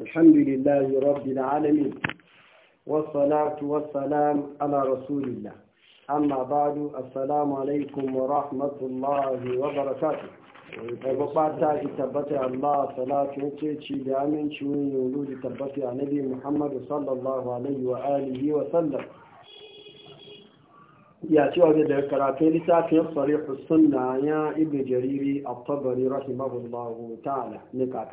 الحمد لله رب العالمين والصلاة والسلام على رسول الله أما بعد السلام عليكم ورحمة الله وبركاته وقبعتا تبتع الله صلاة وكيتشي لأمن شوين ولود تبتع نبي محمد صلى الله عليه وآله وسلم يا شو هذا da karatun littafin sarihus sunna ya ibn jariri at-tabari rahimahullahu ta'ala ne ka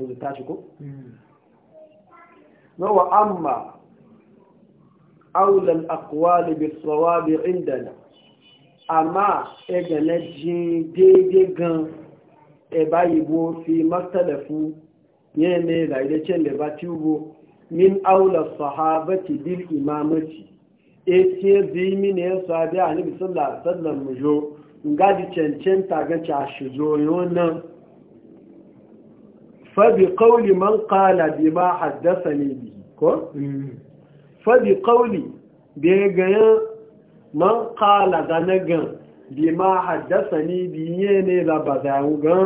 wa amma aulal akwali bi tsawabi indana amma ega na ji daidai gan e ba fi martalafu ne ne raidacen da ba tubo min aula sahabati bil imamati e ce bi mini ya sabi a nabi sallallahu alaihi wasallam mu jo ga di cancanta ga ca shi zo nan fabi qawli man qala bima haddathani bi ko fabi qawli be ga man qala ganagan bima haddathani bi yene la badawu ga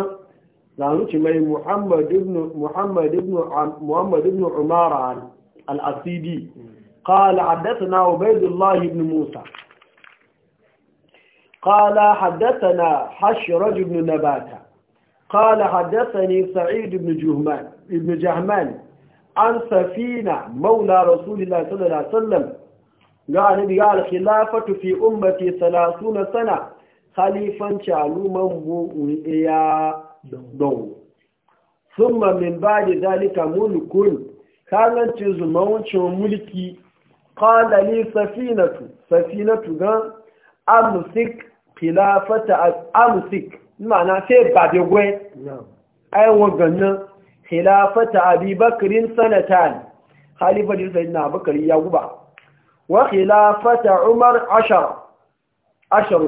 zanuci mai muhammad ibn muhammad ibn muhammad ibn umara al-asidi قال حدثنا عبيد الله بن موسى قال حدثنا قال حدثني سعيد بن جهمان ابن جهمان عن سفينة مولى رسول الله صلى الله عليه وسلم قال نبي قال خلافة في أمتي ثلاثون سنة خليفا شعلو من بوئيا دو ثم من بعد ذلك ملك كانت تزمون شو ملكي قال لي سفينة سفينة قال أمسك خلافة أمسك ma'ana sai babe gwai aiwa ganna khilafata abi bakirin sanatan halifatin na bakari ya guba wa khilafata umar ashar ashar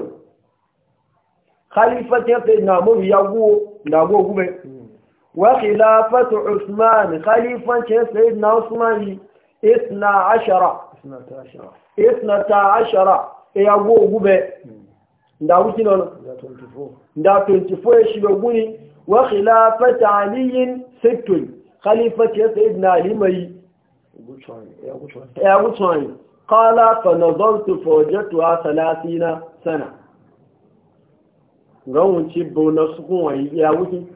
khalifatin sayidina muru ya guwo na go gube hmm. wa khilafata usman khalifatin na usman isna ashara isna ta ashara ya guwo gube hmm. nda wiki nono nda 24 ya shiga guni wa khilafata aliyin sittun khalifati ya sayid na alimai ya wucewani kala fa nazartu fawajatu a salatina sana gawun bau na sukun wani ya wuki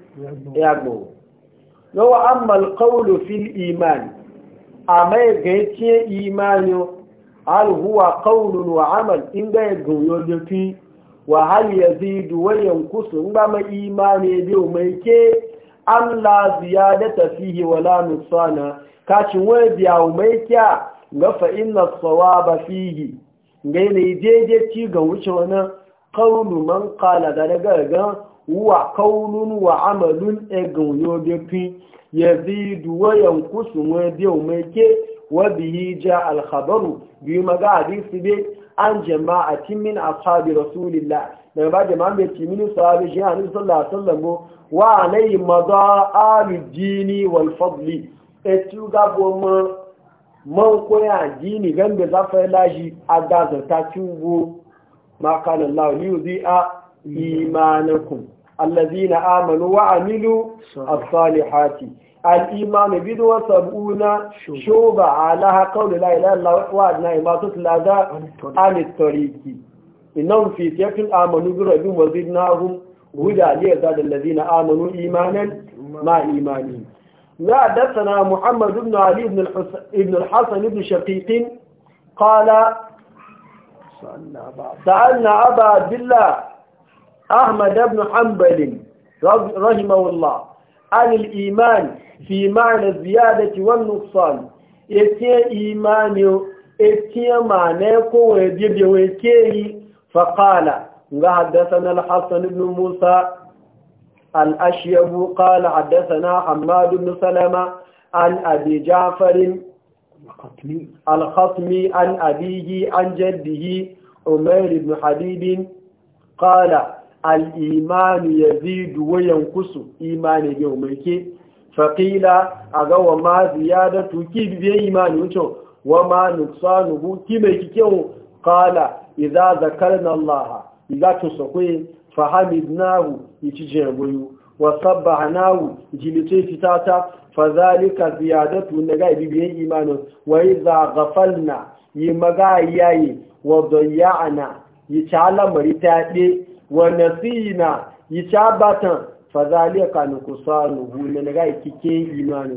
ya gbowo yawa ammal qawlu fil iman amma gaice imani al huwa qawlun wa amal in ga goyo da fi wa hal yazidu wa yankusu ba ma imani bi mai ke an la ziyadata fihi la nusana ka cin wa biya mai kya ga fa inna sawaba fihi ngai ne jeje ci ga wuce wani qawlu man qala da daga ga wa qawlun wa amalun e ga yo bi fi yazidu wa yankusu wa biya mai ke wa bihi ja al khabaru bi maga hadisi be an jama'a a min ashabi rasulillah da ba jama'a mai ci mini sahabi shi hannun sallallahu alaihi wasallam wa alayhi maza dini wal fadli e ga bo mo man koya dini gambe za fa laji agaza ta tubo ma kana allah li yudhi'a imanakum allazina amanu wa amilu as-salihati الإيمان بدو سبؤنا شوبة على قول لا إله إلا الله وعدنا ما تطلع ذا عن الطريق إنهم في سياق آمنوا بربهم وزدناهم هدى ليزداد الذين آمنوا إيمانا ما إيمانهم لا حدثنا محمد بن علي بن الحسن بن الحسن بن شقيق قال سألنا أبا عبد الله أحمد بن حنبل رحمه الله عن الإيمان fi ma'ana ziyadati wan nuqsan yake imani e ko waje bi ke yi fa qala ga hadathana al-hasan ibn musa al-ashyab qala hadathana hammad ibn salama an abi an الخطمي عن ibn عن جده al بن حبيب قال الإيمان يزيد وينقص إيمان يوميك faƙila a ga wa ma ziyadatu ki biye imani wucin wa ma nuksanuhu ki mai kyau. kala idza zakarna Allah idza tusaqi fahamidnahu yici jegoyu wa sabbahnahu jilite fitata fadhalika ziyadatu naga biye imani wa idza ghafalna yi yayi wa dayana yi ta lamari ta de wa nasina yi ta batan fazali a kanu kusa nuhu ne na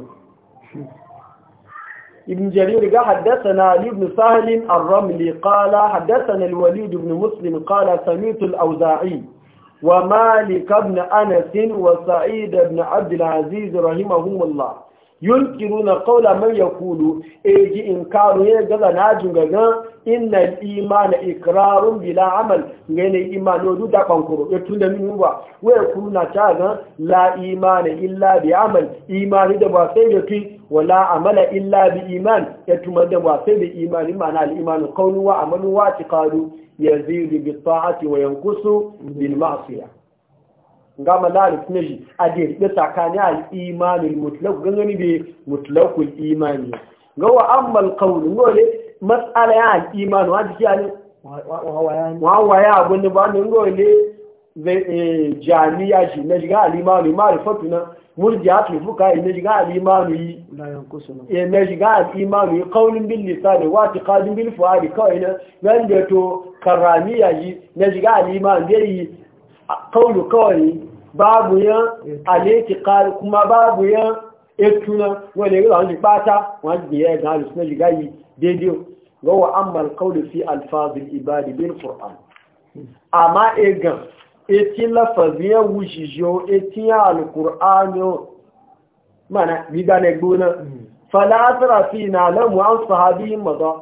ibn jarir ga haddasa ibn sahalin ar-ramli qala haddasa na ibn muslim qala samitu al-auza'i wa malik ibn anas wa sa'id ibn abd al-aziz rahimahumullah yunkiruna qawla man yaqulu eji karu ya gaza na jungaga innal imana ikrarun bila amal ngene imano du da bankuro e tunda min ba wa yaquluna ta ga la imana illa bi amal imani da ba sai da ki wala amala illa bi iman ya e, tuma da ba sai da imani mana al imanu qawlu wa amalu wa tiqadu yazidu bi ta'ati wa yanqusu bil ma'siyah ga malarik ne ta a da ya tsakani al'imanin mutlaq gangani bai mutlaqul imani ga wa ammal n'go gole matsala ya imanin wa jiki ne wa waya abun da ba ne gole eh, jami'a shi na shiga al'imanu ma'rifatu na ka yi na shiga al'imanu yi na shiga eh, al'imanu yi qawlun bil lisan wa tiqadun bil fuadi kawai na de to karamiya yi na shiga al'imanu dai qawlu kawai babu yan aleki kari kuma babu yan etuna wani ga wani bata wani da ya gani suna ligayi daidai ga wa ammal qawlu fi alfazil ibadi bin qur'an amma egan eti lafaziyan wujijo eti alqur'an yau mana gida na gbona fala fi na lamu an sahabi maza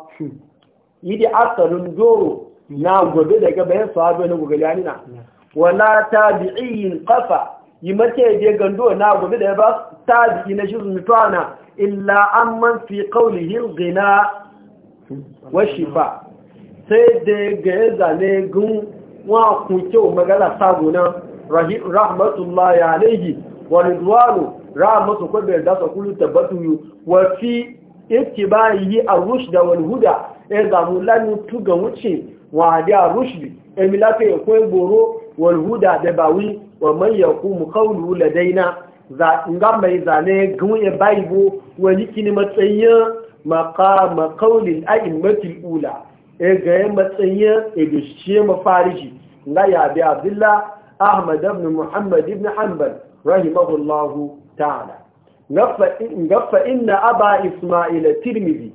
yidi asalun doro na gobe daga bayan sahabi na gogalani nina. wala tabi'in qafa yimate je gando na gobe da ba tabi'i na shi mutana illa amman fi qawlihi al-ghina wa shifa sai da ga ne gun wa ku kyau magana na. rahmatullahi alayhi wa ridwanu rahmatu ko da ta kullu tabatu wa fi ittibahi ar-rushd wal huda e ga mu lanu tuga wuce wa da rushdi e milate ko gboro e walhuda da bawi wa man yaqumu qawlu ladaina za nga mai zane gwiye bible wani kini matsayin maqama qawli al-a'immati ula e ga matsayin e dushe mafariji nga ya bi abdullah ahmad ibn muhammad ibn hanbal rahimahullahu ta'ala nga fa inna aba isma'il tirmidhi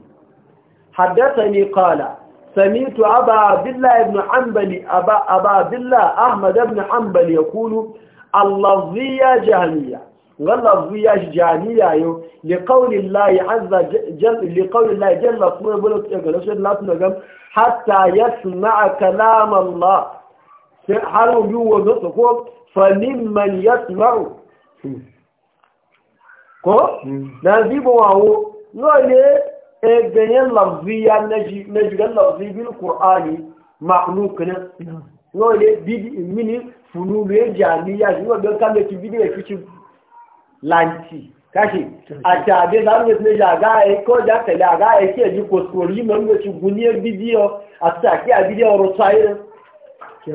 حدثني قال سمعت أبا عبد الله بن حنبلي أبا, أبا عبد الله أحمد بن حنبلي يقول اللظية جهنية واللفظية جهنية أيوه. لقول الله عز جل لقول الله جل اسمه بلوك حتى يسمع كلام الله حلو جوا نطقه فممن يسمع كو na هو wawo e ganyen lafziya na jigan lafzi bil qur'ani makhluq ne no le bidi mini funulu ya jamiya shi wa don kan ki bidi ya kici lanti kashi a tabe za mu ne e ja ga a e ko da ka la ga a ke ji ko ma mu ga ci guniyar bidiyo a ta ki a bidiyo ro sai ke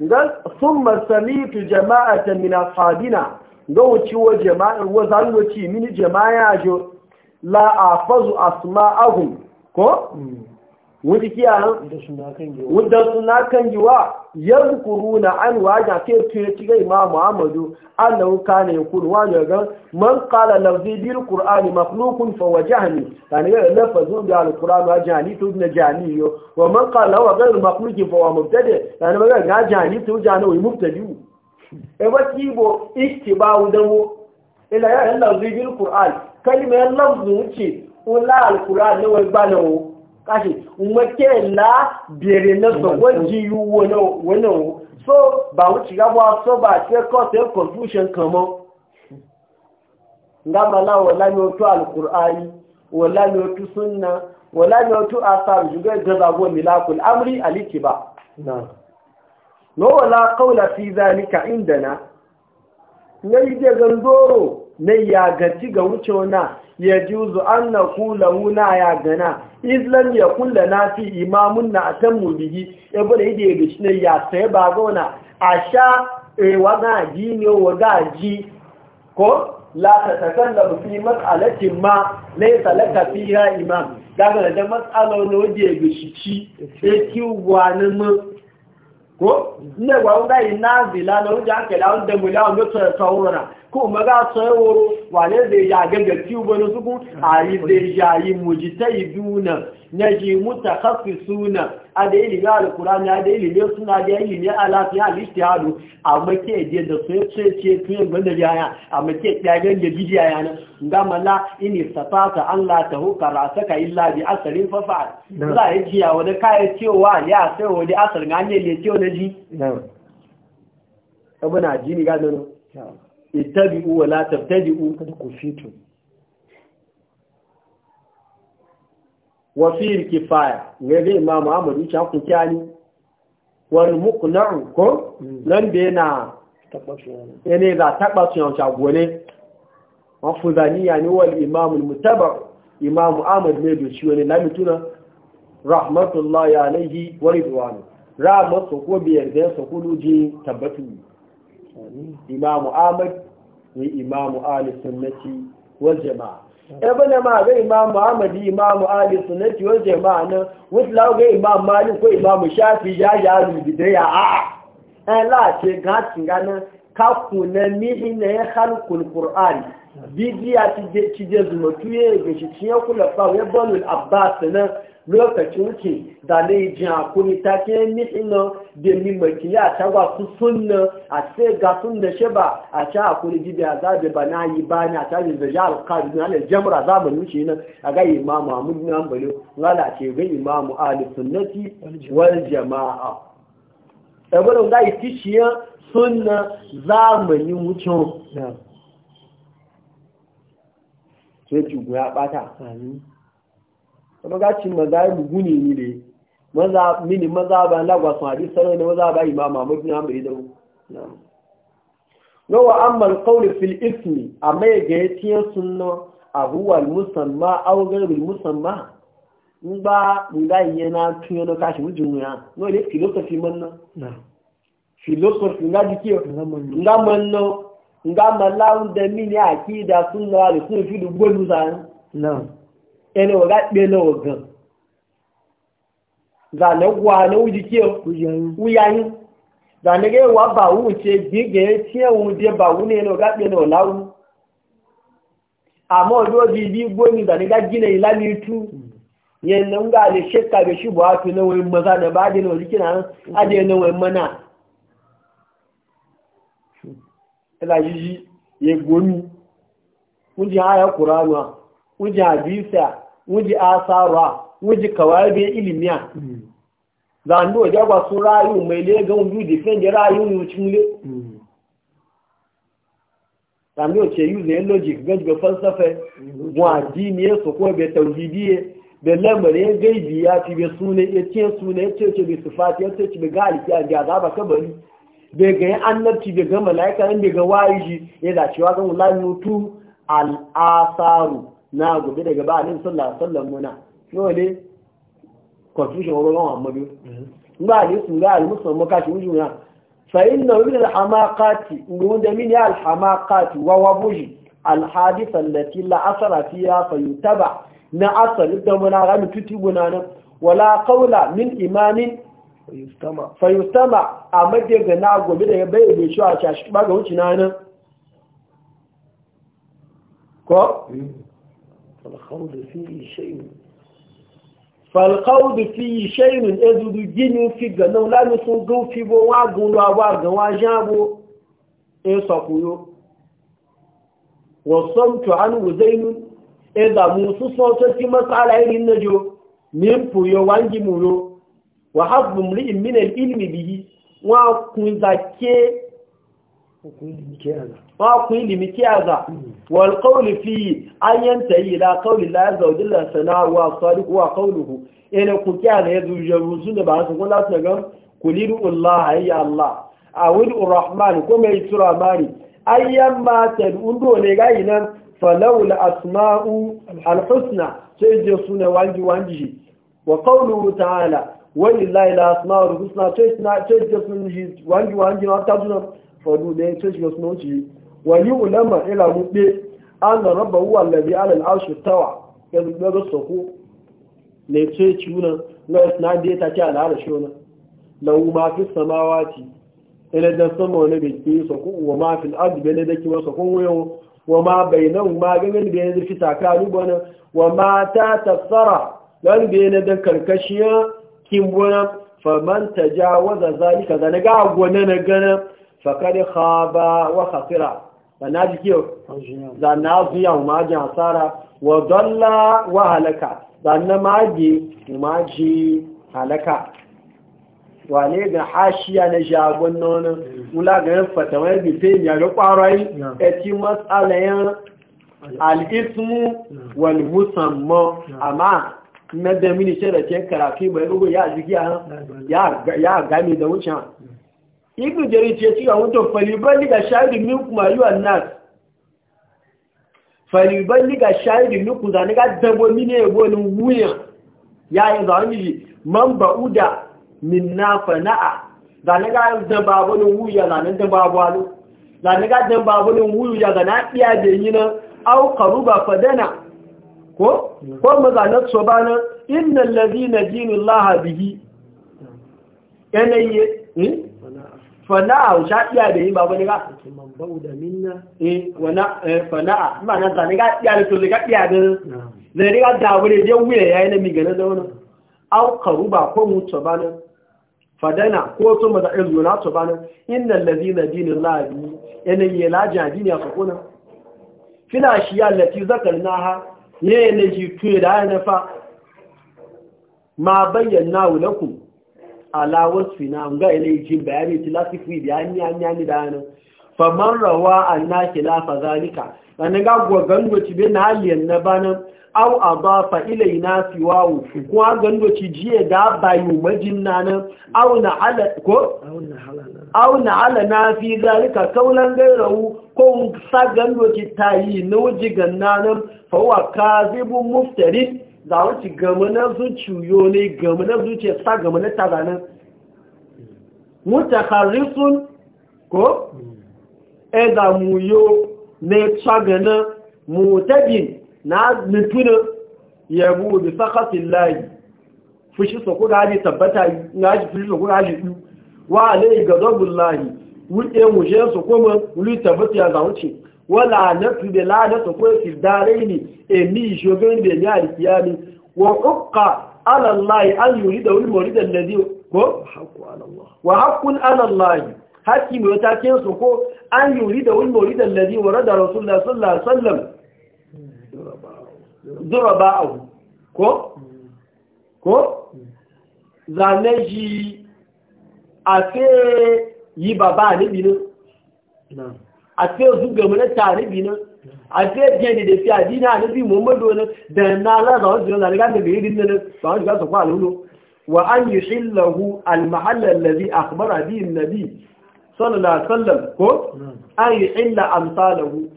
Gan sumbanta ne ta jama'a ta Minas Faduna, zan wuce wa jama'arwa, mini jama'a ya ajiyar da la'afazu Asma'ahu, ko? Hmm. wuti kiya wadda suna kan giwa ya zukuru na an wajen ke tuye ci gai ma muhammadu allahu kana ya kuru wajen gan man kala na bil qur'ani makhluqun fa wajhani yani ga lafazun da al qur'an wa jani to na jani yo wa man kala wa ghayr makhluqin fa wa mubtadi yani ga ga jani to jani wa mubtadi e ba kibo ittiba'u dawo ila ya lafzi bil Kur'an, kalimar lafzu ce wala al qur'an ne wa gbanawo kashi umake la bere na so waji yu wono wu. so ba wuce gaba so ba ce ko sai confusion kamo ngamba na wala ni otu alkur'ani wala ni otu sunna wala ni otu asar juga gaza go milakul amri ba na no wala qawla fi zalika indana ne ide gandoro na ya gaji ga wana ya ji uzu an na kula wuna ya gana islam ya kula na fi imamun na a mu bigi ya bude ide ya gaci na ya sai ba gona a sha ewa na ji ne wa ga ji ko la ta takalla fi mas'alatin ma salaka fi ya imam daga da mas'ala no ya gaci ci e ki wani mu ko ne wa na ina bila no ja ke da on da mu la on to ko maga tsayawar wane zai ya gagarci na suku a yi zai ya yi mujitai duna na ji muta kafi suna a da ilimin alkurani a da ilimin suna da ilimin alafiya hadu a make je da sai ce ce tuyen banda yaya a make ya ganga bijiya yana gama na ini safata an la ta saka illa bi asalin fafa za a yi jiya wani kayan cewa ya sai wani asalin hanyar ne ciwo na ji abu na ji ni gano ittabi'u wa la tabtadi'u kad kufitu wa fi kifaya ngere imam ahmad ya ku kyani wal muqna'u ko mm. nan da yana ne da tabbasu yan shagone wa ya ne wal imam al mutaba imam ahmad ne da shi wani lamituna rahmatullahi alayhi wa ridwanu rahmatu ko biyar da su kuluji tabbatu imamu ahmad ni imamu ahli sunnati wal jama'a ibn ma ga imamu ahmad imamu ahli sunnati wal jama'a nan wutla ga imam malik ko imamu shafi ya ya bidaya a a la ce ga gana, kaku na mihi na ya halkul qur'an bidiya ci je zuma tuye ga shi ciye kula fa ya banul abbas nan lokacin wuce da na yi jin hakuri ta ce nitsin nan da mimaki ya ta gwa su sunna a ce ga sunna shi ba a ci hakuri jibi a zaɓe ba na yi ba na ta yi zaji alƙadu na da jamra zamani wuce na a ga imamu amur na ambali ngala ce ga imamu ali sunnati wal jama'a ɗabarin e ga yi tishiya sunna zamani wucin sai ci guya ɓata kuma ga cin maza yi gune ni ne maza mini maza ba na gwasu hadis sarai ne maza ba imama mafi na mai da na wa amma kawai fil ismi a mai ga ya tiye sunna a huwal musamman a wagarbil in ba mu ga yi yana tuyo na kashi mijin ya no ne filosofi manna filosofi nga jike nga manna nga mallawun da mini a ki da suna fi dubu gwanu ẹni ọ̀gá pé lọ́wọ́ gan zànẹ́gbọ́ àníwújí kí wúyáyín zànẹ́gẹ́ wà bàwú ṣe gbígẹ̀ tí ẹ̀hùn jẹ bàwú ní ẹni ọ̀gá pé lọ láwú àmọ́ ọjọ́ bí ibi gbóni zànẹ́gá itú yẹn na ń lè ṣe kàbẹ̀ ṣùgbọ́ àti náwó ẹmọ zànẹ́ bá dé náà yíyí yẹ gbóni wuji asarwa wuji kawai bai ilimiya mm. zando jagwa sun rayu mai lega wuju defend rayu ne wucin le mm. zando ce yi zai logic gaji ga falsafa mm. wa dini ya so ko bai tauhidi ya bai lamarin ya gaibi ya fi bai sune ya ce sune ya ce ce bai sufati ya ce ce bai gali ya ga ba kabari bai ga annabci bai ga mala'ika bai ga wayi shi ya dacewa ga wula mutu al'asaru na gobe daga ba alin sallah sallan muna yau ne confusion wa gawa amadu mm-hmm. ba ne sun ga almusulman shi wuju na fa inna min alhamaqati ngun da min ya alhamaqati wa wabuji alhadith allati la asara fiha yutaba na asali da muna ga mututi gunanan wala qawla min imamin yustama a madaga na gobe da bai da shi a cashi ba ga na nan ko mm-hmm. falkhawdu fi shay'in falkhawdu fi shay'in ezudu jinu fi ganan la ni so go fi bo wa gun lo wa gan wa jabo e so kuyo wa samtu an uzainun e da musu so to ti masala irin najo min puyo wangi muro wa hasbu mri'in min al-ilmi bihi wa kun ma ku ilimi kiyaza wal qawli fi ayyan tayila qawli la azza wa jalla sana wa wa qawluhu ina ku kiyaza yazu jarusun da ba su kula su ga kuliru allah ya allah awidu rahman ko mai tura mari ayyan ma tad'un do ne ga ina falawla asma'u al husna sai je suna wanji wanji wa qawluhu ta'ala walillahi la asma'u al husna sai na sai je sun wanji wanji na ta fadu ne to shi wasu nauci wali ulama ila mu be an da rabba huwa alladhi ala tawa ya na na ta da sama wani wa ma da wa ma da fi wa ma ta tasara dan da karkashiya kimbona faman tajawaza zalika da na gana fakari khaba wa khasira zana jikiyo zana zuya umaji asara wa dalla wa halaka na maji maji halaka ne ga hashiya na jagon nonon mula ga yin fatawar bife ya ga kwarai a ti matsalayen al'ismu wal musamman amma na da mini ce da ke karafi mai rubu ya jikiya ya gami da wucin ibn jarir ce ci awon wato falibali ga shahidin minkum ayyuhan annas falibali ga shahidin minkum da ni ga dabo mine yabo ni wuya ya yi da yi man ba'uda minna fana'a da ni ga dabo bo ni wuya da ni daba bo alu da ni ga dabo bo ni wuya da na iya da yi na au qaruba fadana ko ko mazanat sobana innal ladina dinu allaha bihi yanayi hmm? fana'a sha iya da yin babu ne ga man da minna eh wana ma eh, ne ga iya da ga iya da ne ga da wuri je wuya yayi na mi da au ko mu fadana ko to da na dinillahi yana yi laja dini kuna fina shi ya lati zakarnaha ne ne ji tuye da ma bayyana lakum alawar na ga jin bayani tilasifi da hanyi hanyi da hannun famar rawa an na kilafa zalika ɗanin gaguwa gangoci bin haliyar na banan au a ba fa ilai na fiwawo kuma gangoci jiye da bayu majin na? au na ala na fi zalika kaunan gairawu ko sa gangoci ta yi na wujigan Fa fawa ka zibin muftarin za wuce gama na zuciyo ne gama na zuciya sa gama na tazanin mutakarrisun ko eza muyo ne tsagana mutabin na nutuna yabo bi sakatin layi fushi so kuka haji tabbata na shi fushi so kuka haji ɗu wa alayi ga zobin layi wuɗe mushe su kuma wuli tabbata ya za ci. wala natu da ladata ko dare ne emi shogun da ya alkiyami wa ala Allah an da ko wa Allah mai ko an yuri da wani warada rasulullah sallallahu alaihi wasallam ko ko zaneji afe yi baba ni bi a fiye ga mana na tarihi nan a fiye fiye da fiye a dina na bi muhammadu wani da na lasa wasu yana daga da gari dinna na ba wani gasa kwa alhulo wa an yi shillahu almahallar lazi a kamar abiyin nabi sallallahu alaihi wasallam ko an yi illa amsalahu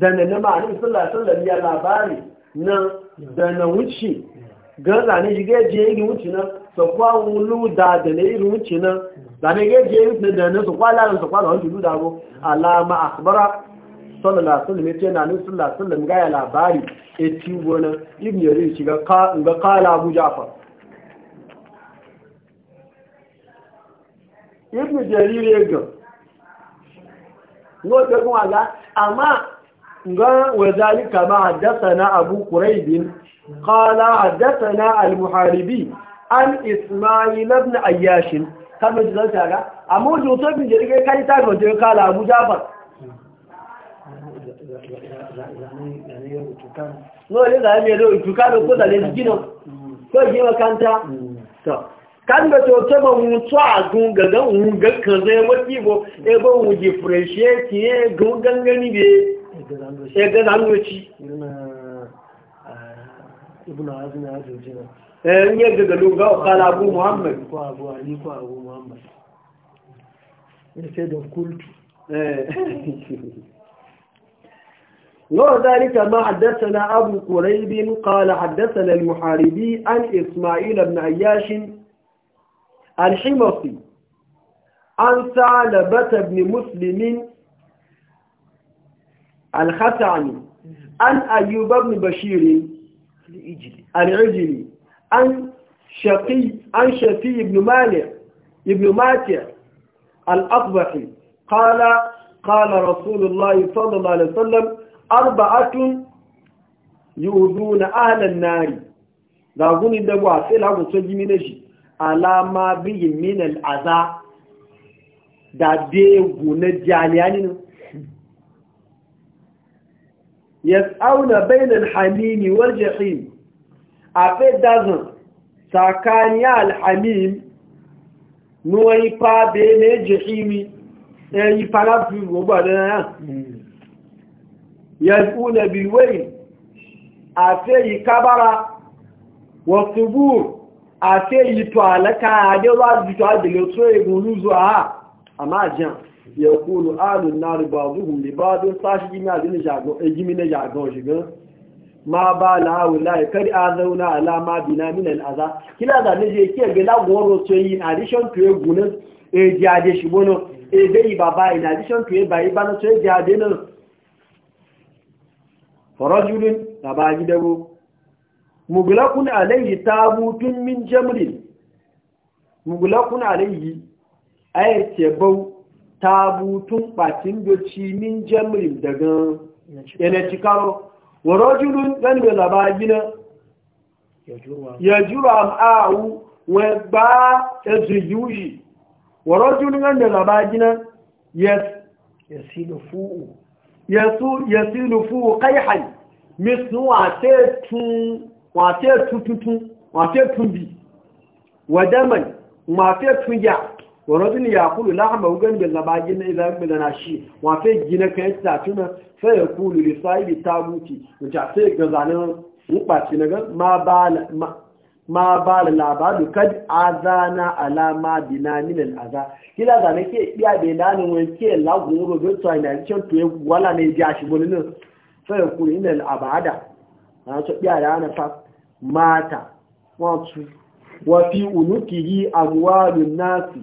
da na nama a nabi sallallahu alaihi wasallam ya labari na da na wuce ga na shi gaje yi wuce nan su kwa wulu da da na iri wuce na zane gaje yi da nan su kwa lalar su kwa da alama akbara sallallahu alaihi wasallam yace na nusul sallallahu alaihi ga ya labari e ci gona ibn yari shi ga ka ga kala abu jafar ibn ga no kuma ga amma ga wazalika ma abu قال حدثنا المحاربي عن إسماعيل بن عياش كم جزال شاكا أمو جوتو بن جريك كان يتعرف جريك قال أبو جابر no ne da me do tuka do ko da le gino ko je makanta to kan da to to ba mu to agun ga ga un ga kan zai wati bo e ba mu differentiate e gungan gani be e da zan ci ibn hazm eh, ya jojina eh in yadda da lunga qala abu muhammad ko abu ali ko abu muhammad وذلك ما حدثنا أبو قريب قال حدثنا المحاربي عن إسماعيل بن عياش الحمصي عن ثعلبة بن مسلم الخثعمي عن أيوب بن بشير al'ijili an shafi ibn malik ibn matiya al'akbafi kala kala rasulullahi sallallahu alaihi wasallam arba'atun yuhuduna ahlan nari da guni da ba sai la go soji shi alama bi min al da de gune jaliyanin yas'auna bainal hamimi wal jahim afe dazun sakani al hamim nuwa ipa be ne jahimi eh ipa la fi gbogbo adana yas'una bil wayl afe ikabara wa subur afe ito alaka adewa bitu adele so egun luzu a ama ajan ya kulu alun na ribazuhun libadun sashi gimi a jini jagon a gimi na jagon shigan ma ba la wula ya kari a zauna alama bina min al'aza kila da ne je ke ga laguwar rotu yi in addition to ya gunan a jade shi bono a bai baba in addition to ya bayi bana to ya jade nan farajulun da ba gidago mugulakun alaihi tabutun min jamrin mugulakun alaihi ayar ce tabutun ɓatin doci min jamrin daga yana cikaro wa rajulun ɗan da laba gina ya jura ma'awu wa ba ya zuyuyi wa rajulun ɗan da laba gina ya silu Kai kaihan misu wate tututun wate tumbi wa daman tun tunya wa rajul yaqulu lahma ugan bil labajin na idan bil nashi wa fe gina ta tuna fa yaqulu li sahibi tabuti ja sai ga zanan rubaci naga ma bala ma bala labadu kad azana ala ma bina min al aza kila da nake iya be lanin wai ke lagun ro do to ina cin to wala ne ja shi bolin fa yaqulu inal abada na so iya da ana fa mata wa fi unukihi amwalun nasi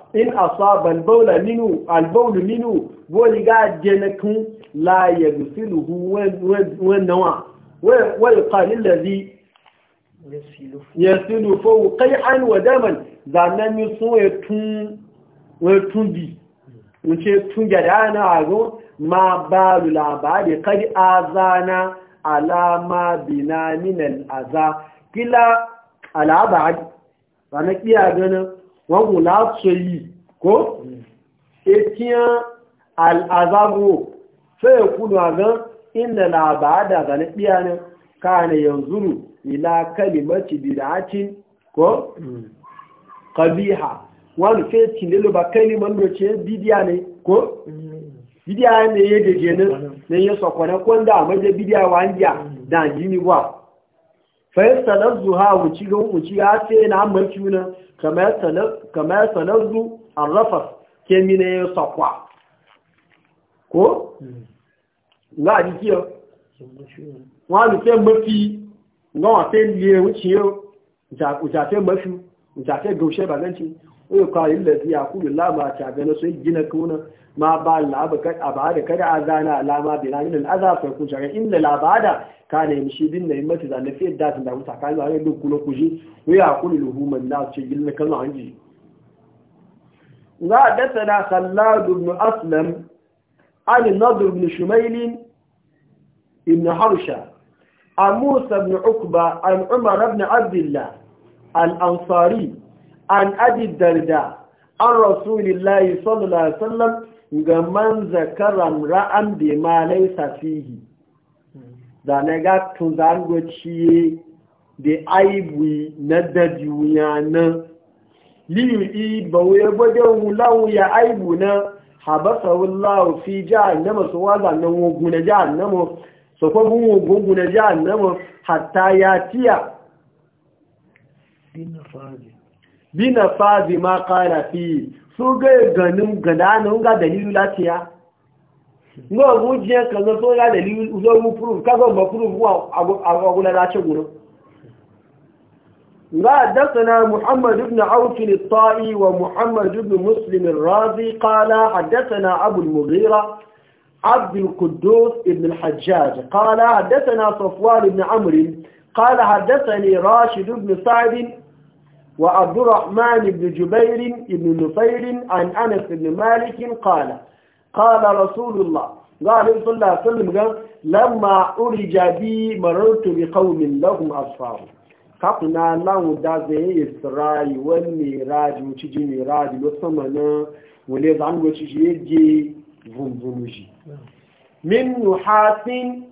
in asaba baula minu albaulu minu wani ga jenakun la ya gusiluhu nawa wani kalin lazi ya silu fau kai an wadaman zanen yi sun tun bi wuce tun gada ana ago ma balu labari kari azana alama bina minal aza kila alabari ranar iya ganin wọ́n kò láàtọ̀ yìí kó etíyàn al'azabu fẹ́ kúrò àgán inda labada zane ɓiyanin kane yanzuru ila kalimaci bidacin ko ƙabiha wani fẹ́ tìlélò ba kalimar roce bidiya ne ko bidiya ne ya gajenin na yi da fayastanazzu ha wuci ga wuci ya ce na amman cuna kamar yastanazzu an rafa ke mine ya sakwa ko? ga a jikiya wani sai mafi ga wafe liye wuci yau jafe mafi jafe gaushe baganci wai kwari lafi ya kudu lama ta gano sai gina kuna ma ba labakar a ba da kada a zana alama bi ranar azafai kun shagar inda labada ka na yi shi bin na yi mata zane fiye da da sun damu tsakanin a yadda kuna kuji wai ya kudu luhuman na ce gina kalma an ji za a dasa na khalladu ibn aslam an nadur ibn shumailin ibn harsha a musa ibn ukba an umar ibn abdullah al-ansari an abi darda an rasulillahi sallallahu alaihi wasallam ga man zakara ra'an bi ma laysa fihi da ne ga tun zan goci da duniya na li yi ba waye ya mu wulawu ya bu na habasa wallahu fi jahannama so wa zannan wogu na jahannama so ko gun wogu na jahannama hatta ya tiya din faraji bina fazi ma kara fi su ga ganin gadanin ga dalilu latiya ní ọgbọ́n jí ẹkà lọ tó rá dalilu lọ́rún proof kásọ̀gbọ̀ proof wà agúnlára ṣegbùrú حدثنا محمد بن عوف الطائي ومحمد بن مسلم الرازي قال حدثنا أبو المغيرة عبد القدوس بن الحجاج قال حدثنا صفوان بن عمرو قال حدثني راشد بن سعد وعبد الرحمن بن جبير بن نفير عن أنس بن مالك قال قال رسول الله قال صلى الله عليه وسلم قال لما أرج بي مررت بقوم لهم أصحاب قطنا لهم دازي إسرائي والميراج وتجي ميراج وصمنا وليز عنه وتجي يجي vunvunji min nuhasin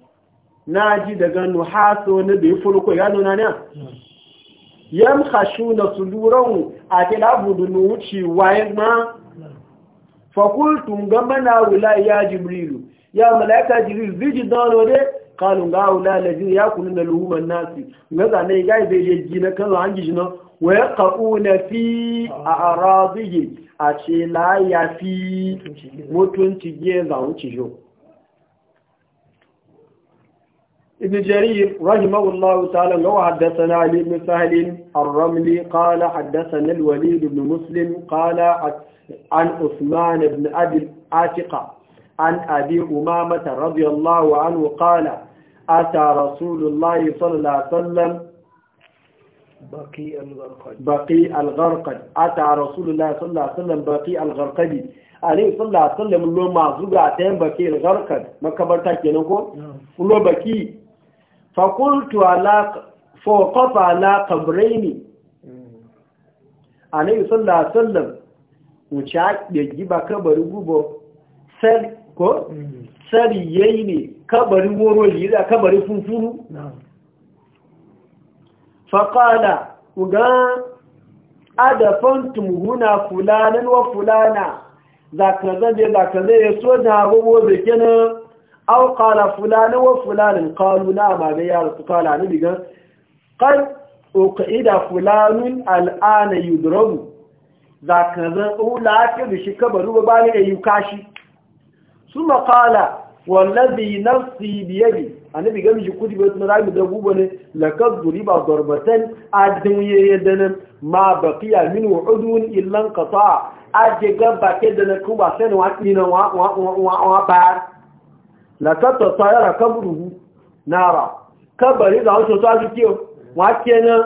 naji daga nuhaso na da ya furko ya nuna ne yan hashu na suluran a kila nuci wuce wayan ma fakultun gama na wula ya jibrilu ya malaka jibril ziji dano ne kalun ga wula lazi ya kunu na luhuman nasi ga ne ga zai je gina kan an ji jina wa ya na fi a arabihi a ce la ya fi mutunci ge za wuce jo ابن جرير رحمه الله تعالى لو حدثنا علي بن سهل الرملي قال حدثنا الوليد بن مسلم قال عن عثمان بن أبي العاتقة عن أبي أمامة رضي الله عنه قال أتى رسول الله صلى الله عليه وسلم بقي الغرقد بقي الغرقد أتى رسول الله صلى الله عليه وسلم بقي الغرقد alayhi صلى الله عليه وسلم mazu ga tayan baki الغرقد ما كبرتك kenan ko lo fakultu fawqafa ala qabraini alayhi sallallahu alaihi wasallam wuce ya giba kabarin gubo sar ko yi ne kabarin woro da kabarin funfuru faƙala ga adafantum huna fulanin wa fulana zakazan da zakazan ya so na abubuwa da kenan aw qala fulana wa fulanin qalu na ma ga ya rasu qala ni diga qad uqida fulanun al'ana yudrabu zaka zan ula ke da shi kabaru ba bani ayyuka shi, suma qala wallazi nafsi bi yadi annabi ga miji kudi bai tsara mi da gubo ne lakad duriba darbatan adunye yadana ma baqiya min udun illa qata aje ga ke da na kuma sai wa wa wa wa ba lakatta tsayara kaburu nara kabari da wasu ta suke wake nan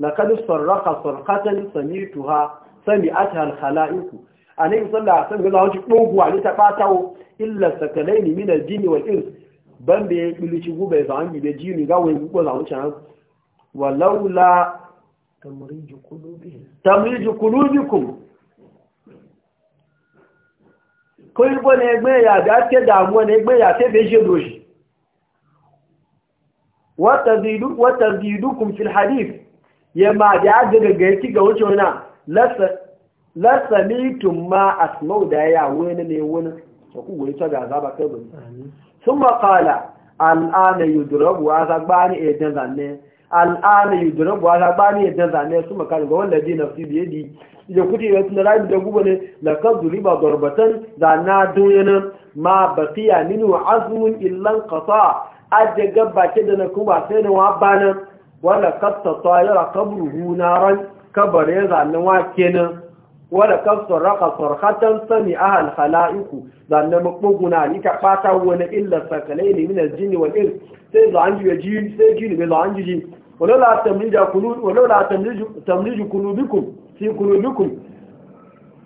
lakadu sarraka sarkatan samirtuha sami tuha ata alkhala'iku a ne sallah san ga zawo doguwa ne ta fatawo illa sakalaini min aljin wal ins ban da ya bilici gube za an gibe jini ga wai gugo zawo can walaula tamriju qulubikum kóyìnbó ní ẹgbẹ́ ẹ̀yà àbí àtẹ́dà àwọn ní ẹgbẹ́ ẹ̀yà tẹ́bẹ̀ẹ́ ṣe lòṣì wọ́tàdìdúkùn fi hadith yẹ máa dẹ̀ agagaga kí ga wuce wana lásàmìtùn ma a smau da ya ga a zagbani idan zane ga fi da kuti da suna rayu da guba ne da kan zuriba garbatan da na duniya ma bakiya minu azumin illan kasa ajiye ke da na kuma sai na wabanan wadda kasta tsayara kaburu naran kabar ya zanen wake nan wadda kasta raka sarhatan sani a halhala'iku zanen makoguna ni ta ɓata wani illar sakalai ne minar jini wa il sai za'an jiye jini sai jini bai an jiji Wani تمريج قلوب ولولا تمريج تمريج قلوبكم fi kulubikun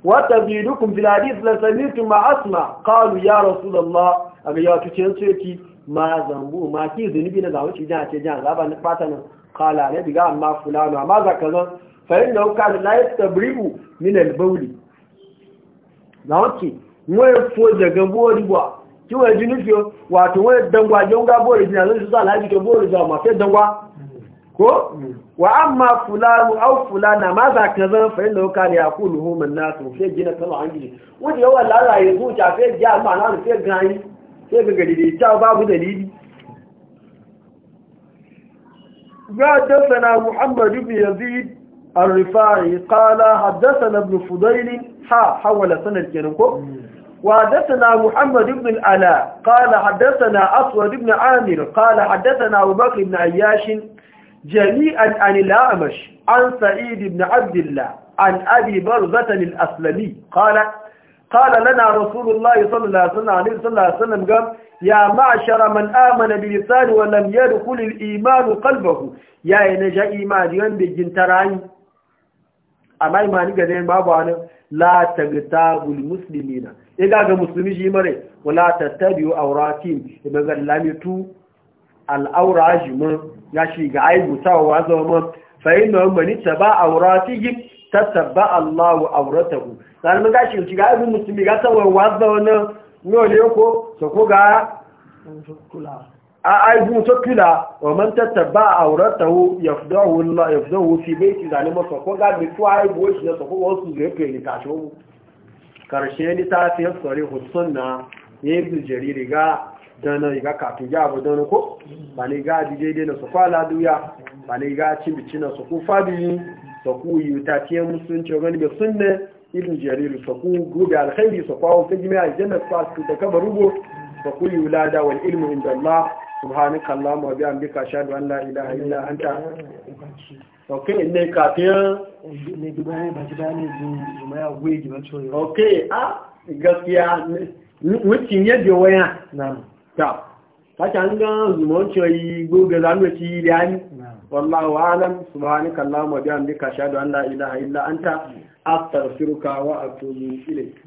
wata bi dukun filadis na sanitu ma asma kalu ya rasu da ma a ga yawa tuce yanzu yake zambu ma ki zunubi na zawo ci jana ce jana zaba na fata nan kala na diga amma fulano amma ga ka zan fahim da wuka da layi ta biribu minal bauli zawo ce moye fo da gambo riba ki wani jini fiyo wato moye dangwa jonga bori jina zan shi sa lafi ke bori zawo ma fiyar dangwa ko wa amma fulanu aw fulana ma za ka zan fa inda ka ya kulu hum an nasu sai gina sama an gidi wanda yawa Allah ya zuciya sai ji amma na sai gani sai ga gari ta babu dalili ga dasana muhammad ibn yazid الرفاعي قال حدثنا ابن فضيل ها حول سنة كنكو وحدثنا محمد بن الألاء قال حدثنا أسود بن عامر قال حدثنا أبو بكر بن عياش jami'an an an sa'id ibn abdullah an abi barzatan al-aslami qala qala lana rasulullah sallallahu alaihi wasallam gam ya ma'shara man amana bil lisan wa lam yadkhul al iman qalbahu ya inja imani wan bigin tarani amai mani ga zai babu wani la tagta bul muslimina ya ga ga muslimi shi mare wala tattabi auratin ibn gallami tu al aurajimu ya shi ga aibu tawa zama fa'in na wani ta ba auratihim ta tabba Allahu auratahu sanin ga shi ga aibu musulmi ga tawa wazza wani nole ko so ko ga a aibu to kula wa man ta tabba auratahu yafdahu Allah yafdahu fi baiti zalima so ko ga bi to aibu shi so ko wasu zai ke ni ta shi shobu karshe ni ta fi sarihu sunna ne ibn jariri ga dana iga katun ya abu dana ko ba ni ga di daidai na su kwala duya ba ni ga ci bici na su ku fadi su ku yi ta ce musulunci wani bai da ne ibn jariru su ku gobe alkhairi su kwawo ta jimi aljanna su kwasu da kaba rubo su ku yi wulada wal ilmu inda Allah subhanaka Allah wa bi amdika shahadu an la ilaha illa anta okay ne kafin ne dubai ba ji ba ne jumaya gwe ji ba to okay ah gaskiya mutum yadda waya na'am ta haka an ga zumancin yi gobe zanuwa ci yi da ni wallahu alam subhanakallahumma bihamdika ashhadu an la an illa anta astaghfiruka wa atubu ilayk